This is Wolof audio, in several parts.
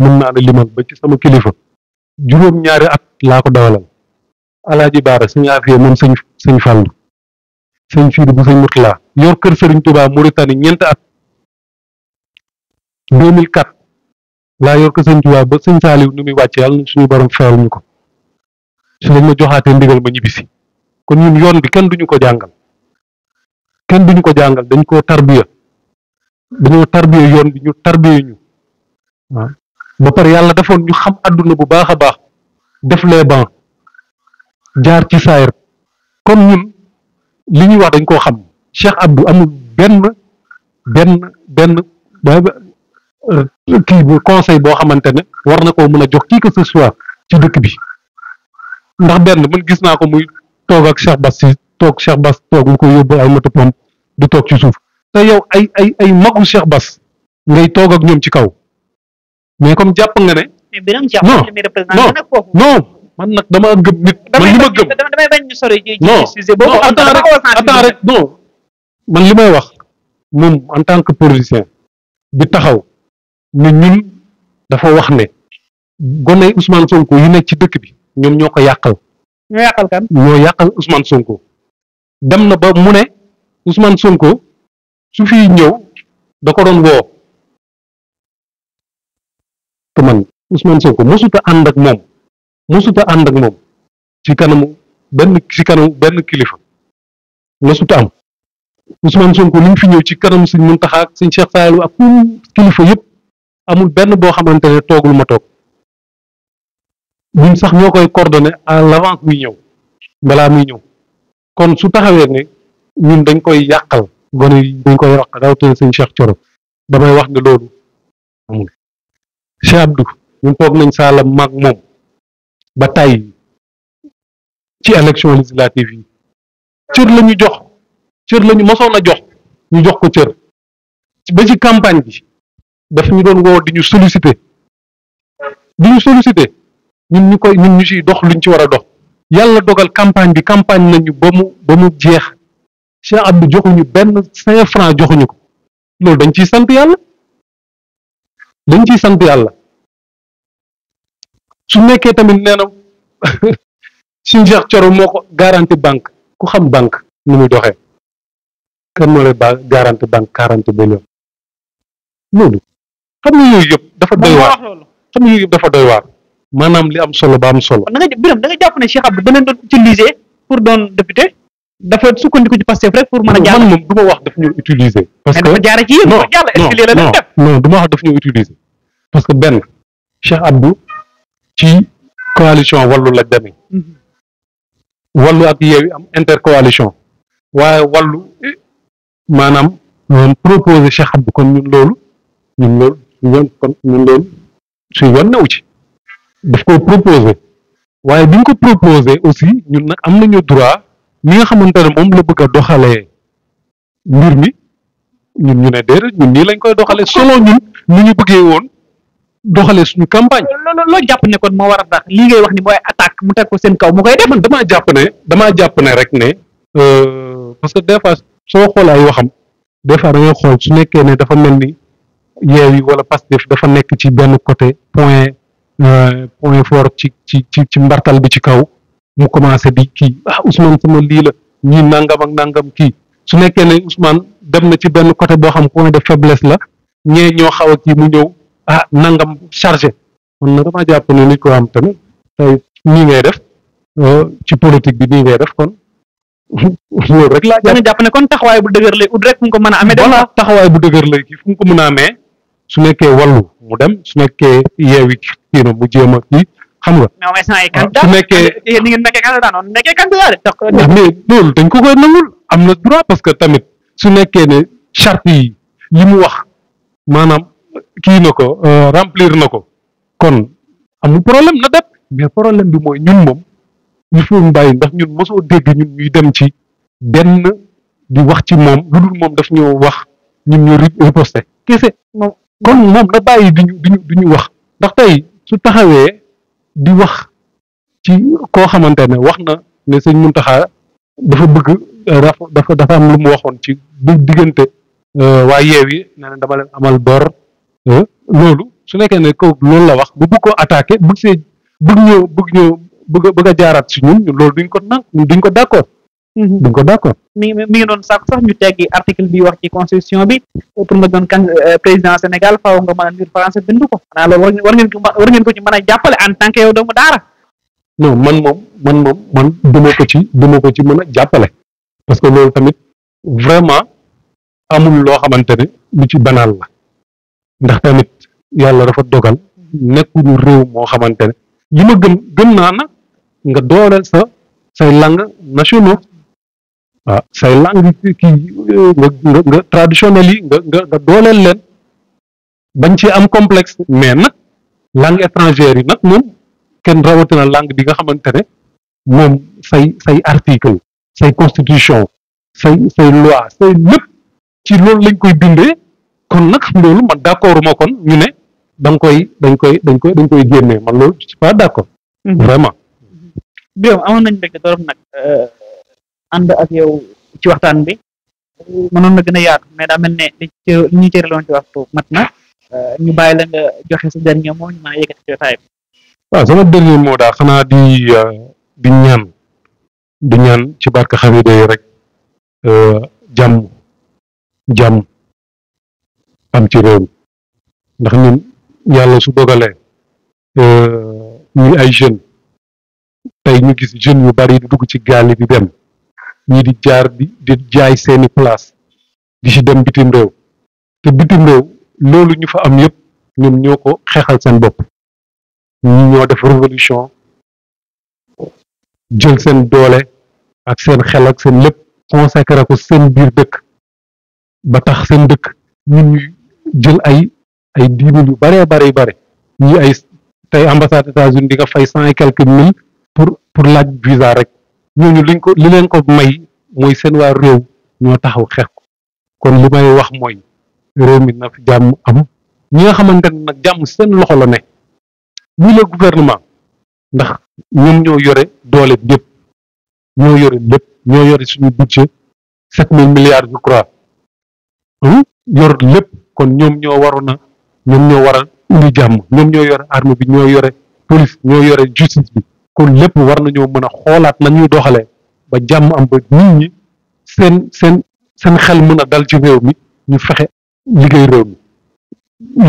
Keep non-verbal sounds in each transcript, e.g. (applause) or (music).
mën naa la limal ba ci sama kilifa juróom-ñaari at laa ko dawalal alaaji baara sëñ afiya moom sëñ sëñ fàllu sëñ fiidu bu sëñ sëriñ tubaa Mauritanie ñeenti at 2004 laa yor ko sëñ ba sëñ saaliw ni muy wàcce yàlla na suñu borom feewal ñu ko su dañ ma joxaatee ndigal ma ñibbisi kon ñun yoon bi kenn duñu ko jàngal kenn duñu ko jàngal dañ koo tarbiya dañoo tarbiya yoon bi ñu tarbiya ñu ba pare yàlla defoon ñu xam àdduna bu baax a baax def lee bancs jaar ci saayir kon ñun li ñuy wax dañ koo xam Cheikh Abdou amul benn benn benn euh, kii bu conseil boo xamante ne war na koo mën a jox kii que ce soit ci dëkk bi ndax benn man gis naa ko muy toog ak Cheikh Bass si toog Cheikh Bass toog mu ko yóbbu ay moto pompe du toog ci suuf te yow ay ay ay magu Cheikh bas ngay toog ak ñoom ci kaw mais comme jàpp nga ne. mais Birame Dia man nag dama gëm nit. man li ma gëm damay bañ ñu sori rek non man li may wax moom en tant que politicien bi taxaw ne ñun dafa wax ne gone Ousmane Sonko yu nekk ci dëkk bi ñoom ñoo ko yàqal. ñoo yàqal kan ñoo Sonko. dem na ba mu ne usman Sonko su fi ñëw da ko doon woo. man Ousmane Sonko mosuta ànd ak moom mosuta ànd ak moom ci kanamu benn ci kanamu benn kilifa mosuta am Ousmane Sonko li mu fi ñëw ci kanamu suñ Muntaxa ak suñ Cheikh Saliou ak kilifa yëpp amul benn boo xamante ne toogul ma toog ñun sax ñoo koy coordonné à l'avance muy ñëw balaa muy ñëw kon su taxawee ni ñun dañ koy yàqal gone yi dañ koy yàq rawatina suñ seex Thioro damay wax ne loolu Cheikh Abdou ñun toog nañ saalam maag moom ba tàyyi ci élection législative yi cër la ñu jox cër la ñu mosoon a jox ñu jox ko cër ba ci campagne bi daf ñu doon woo di ñu solliciter di ñu solliciter ñun ñu koy ñu ñu siy dox luñ ci war a dox yàlla dogal campagne bi campagne nañu ba mu ba mu jeex Cheikh Abdou joxuñu benn cinq francs joxuñu ko loolu dañ ciy sant yàlla dañ ciy sant yàlla su nekkee tamit nee na suñu (laughs) Cheikh Thioro moo ko garanti banque ku xam banque nu muy doxee kan moo lay ba garanti banque quarante millions loolu xam nga yooyu yëpp dafa doy waar xam nga yooyu yëpp dafa doy waar maanaam li am solo ba am solo. da nga Birame da nga jàpp ne Cheikh bi da leen doon utiliser pour doon député. dafa sukkandiku ci Pastef rek pour mën a jàll man moom du wax daf ñu utiliser. parce que dafa jaare ci yéen. non non non parce que benn Cheikh Abdou ci coalition wallu la demee. Mhm. wallu ak yeewi am intercoalition. waaye wallu maanaam ñoom proposé Cheikh Abdou kon ñun loolu ñun loolu su yoon kon ñun ci. daf ko proposé waaye bi ko proposé aussi ñun nag am nañu droit. ñi nga xamante ne moom la bëgg a doxalee mbir mi ñun ñu ne déedéet ñun nii lañ koy doxalee selon ñun ni ñu bëggee woon doxalee suñu campagne. loo loo jàpp ne kon moo war a tax lii ngay wax ni mooy attaque mu teg ko seen kaw mu koy def. damaa jàpp damaa jàpp ne rek ne. Euh, parce que des fois soo xool ay waxam des fois da ngay xool su nekkee ne dafa mel ni Yewwi wala Pastef dafa nekk ci benn côté point euh, point fort ci ci ci ci mbartal bi ci kaw. mu commencé di kii ah Ousmane sama lii la ñii nangam ak nangam kii su nekkee ne Ousmane dem na ci benn côté boo xam point de faiblesse la ñee ñoo xaw a kii mu ñëw ah, nangam chargé man na dama jàpp ne nit ko am tamit tey nii ngay def euh, ci politique bi nii ngay def kon (laughs) loolu rek laa jàpp. ne kon taxawaay bu dëgër lay ut rek fu mu ko mën a amee. voilà taxawaay bu dëgër lay kii fu ko mën a su nekkee wallu mu dem su nekkee yeewi kii mu jéem a xam nga. mais su nekkee yéen ñi ngeen nekkee candidat noonu nekkee candidat de. loolu dañ ko koy nangul am na droit parce que tamit su nekkee ne charte yi li mu wax maanaam kii na ko remplir na ko kon amul problème na def mais problème bi mooy ñun moom il faut ñu bàyyi ndax ñun mosoo dégg ñun ñuy dem ci benn di wax ci moom lu dul moom daf ñoo wax ñun ñu riposté kese. moom kon moom na bàyyi di ñu di ñu wax ndax tey su taxawee. di wax ci koo xamante ne wax na ne sëñ Muntaxa dafa bëgg dafa dafa am lu mu waxoon ci bu diggante euh, waa yeew yi nee dama leen amal bor euh, loolu su nekkee ne ko loolu la wax bu bëgg ko attaqué bëgg see bëgg ñëw bëgg ñëw bëgg bëgg a jaaraat si ñun loolu duñ ko nank duñ ko d'accord Mhm. dañ ko d'accord mi mi ngi doon sàkku sax ñu teggi article bi wax ci constitution bi pour nga doon kan euh, président Sénégal faaw nga mën a lire français bind ko xanaa loolu war ngeen war ngeen a jàppale en tant que yow doomu daara non man moom man moom man duma ko ci duma ko ci mën a jàppale parce que loolu tamit vraiment amul loo xamante ne lu ci banaal la ndax tamit yàlla dafa dogal nekkuñu réew moo xamante ne li ma gëm gëm naa na nga dooleel sa say langues nationaux waaw ah, say langue kii nga nga nga yi nga nga dooleel leen bañ ci am complexe mais nag langue étrangère yi nag moom kenn rawatina langue bi nga xamante ne moom say say article say constitution say say loi say lépp ci loolu lañ koy bindee kon nag loolu ma d'accord ma kon ñu ne da koy dañ koy dañ koy dañ koy génnee man loolu je suis pas mhm. vraiment. Mhm. Bio ànd ak yow ci waxtaan bi mënoon na gën a yaatu mais daa mel ne li ci ñu cëraloon ci waxtu mat na euh, ñu bàyyi la nga joxe sa dernier mot ñu mën a yëkkati jotaay bi. waaw sama dernier mot daal xanaa di euh, di ñaan di ñaan ci barke xamide yi rek euh, jàmm jàmm am ci réew mi ndax ñun yàlla su dogalee ñuy ay jeunes tey ñu gis jeunes yu bari di dugg ci gaal bi di dem. ñii di jaar di di jaay seeni place di ci dem bitim réew te bitim réew loolu ñu fa am yépp ñoom ñoo ko xeexal seen bopp ñi ñoo def révolution jël seen doole ak seen xel ak seen lépp consacré ko seen biir dëkk ba tax seen dëkk ñun ñu jël ay ay dix yu baree bare bare ñi ay tey ambassade États-Unis di nga fay cent pour pour laaj visa rek ñooñu liñ ko li leen ko may mooy seen waa réew ñoo taxaw xeex ko kon li may wax mooy réew mi na jàmm am ñi nga xamante ne nag jàmm seen loxo la ne ñi la gouvernement ndax ñoom ñoo yore doole lépp ñoo yore lépp ñoo yore suñu budget sept mille milliards je crois hmm? yor lépp kon ñoom ñoo waroon a ñoom ñoo war a indi jàmm ñoom ñoo yore arme bi ñoo yore police ñoo yore justice bi kon lépp war nañoo mën a xoolaat la ñuy doxalee ba jàmm am ba nit ñi seen seen seen xel mën a dal ci réew mi ñu fexe liggéey réew mi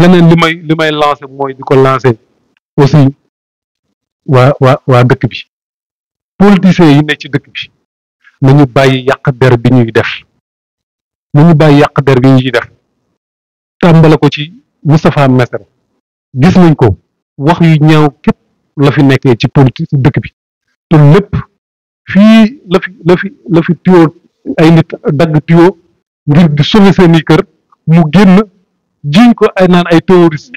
leneen li may li may lancé mooy di ko lancé aussi waa waa waa dëkk bi politiciens yi ne ci dëkk bi nañu bàyyi yàq der bi ñuy def nañu bàyyi yàq der bi ñuy def tàmbale ko ci Moustapha Messere gis nañ ko wax yu ñaaw képp la fi nekkee ci politique ci dëkk bi te lépp fii la fi lafi fi la fi tuyoo ay nit dagg tuyoo ngir di sauver seeni kër mu génn jiñ ko ay naan ay terroriste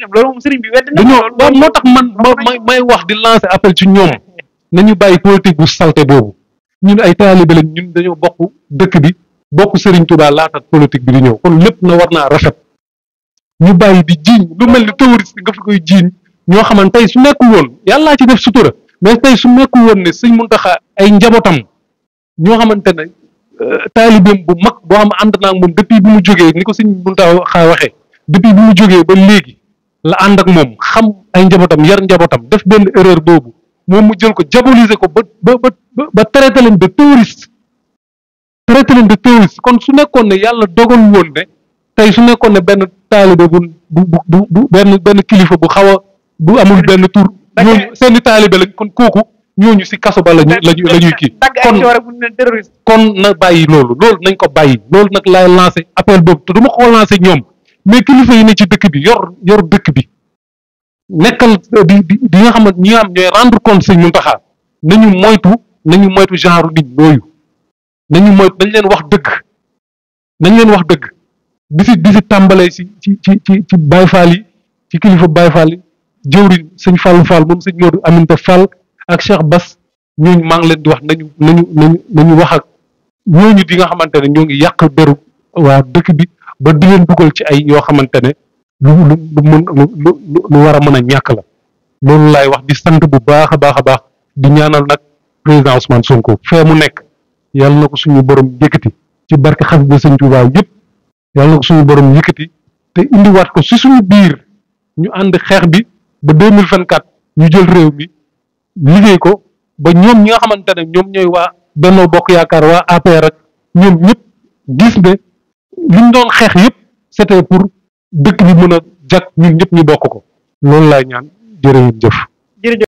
dañoo waaw moo tax man ma may wax di lancer appel ci ñoom (laughs) nañu bàyyi politique bu salte boobu ñun ay taalibe lañ ñun dañoo bokk dëkk bi bokk Serigne Touba laata politique bi di ñëw kon lépp na war naa rafet ñu bàyyi di jiiñ lu mel ni terroriste nga koy jiiñ ñoo xamante tey su nekkul woon yàllaa ci def sutura mais tey su nekkul woon ne sëñ Muntaxa ay njabootam ñoo xamante ne euh, taalibeem bu mag boo xam ànd naa moom depuis bi mu jógee ni ko sëñ Muntaxa waxee depuis bu mu jógee ba léegi la ànd ak moom xam ay njabootam yar njabootam def benn erreur boobu moom mu jël ko diaboliser ko ba ba ba ba traité de terroriste traité leen de terroriste kon su nekkoon ne yàlla dogal woon ne tey su nekkoon ne benn taalibe bu bu bu benn benn kilifa bu xaw a bu amul benn tur ñooñu seen i taalibe lañ kon kooku ñooñu si kaso ba lañu lañu la ñuy kii kon kon na bàyyi loolu loolu nañ ko bàyyi loolu nag laay lancé appel boobu te du ma ko lancé ñoom mais kilifa yi ne ci dëkk bi yor yor dëkk bi nekkal di di di nga xamante ñi nga xam ñooy rendre compte sëñ Muntaxa nañu moytu nañu moytu genre nit yooyu nañu moytu nañ leen wax dëgg nañ leen wax dëkk bi si bi si tàmbalee ci ci ci ci Baay Faal yi ci kilifa Baay Faal yi jëwriñ sëñ Fallou Fall moom sëñ Modou Aminta Fall ak Cheikh Bass ñooñu maa ngi leen di wax nañu nañu nañu nañu wax ak ñooñu di nga xamante ne ñoo ngi yàq deru waa dëkk bi ba di leen ci ay yoo xamante ne lu lu lu mën lu war a mën a ñàkk la loolu laay wax di sant bu baax a baax a baax di ñaanal nag président Ousmane ko fee mu nekk yàlla na ko suñu borom yëkkati ci barke xas bi sëñ Tuubaa yëpp yàlla na ko suñu borom yëkkati te indiwaat ko si suñu biir ñu ànd xeex bi. ba deux mille vingt quatre jël réew mi liggéey ko ba ñoom ñi nga xamante ne ñoom ñooy waa Benno Bokk Yaakaar waa APR ak ñoom ñëpp gis ne li ñu doon xeex yëpp c'était pour dëkk bi mën a jag ñu ñëpp ñu bokk ko loolu lay ñaan jërë ngeen jëf.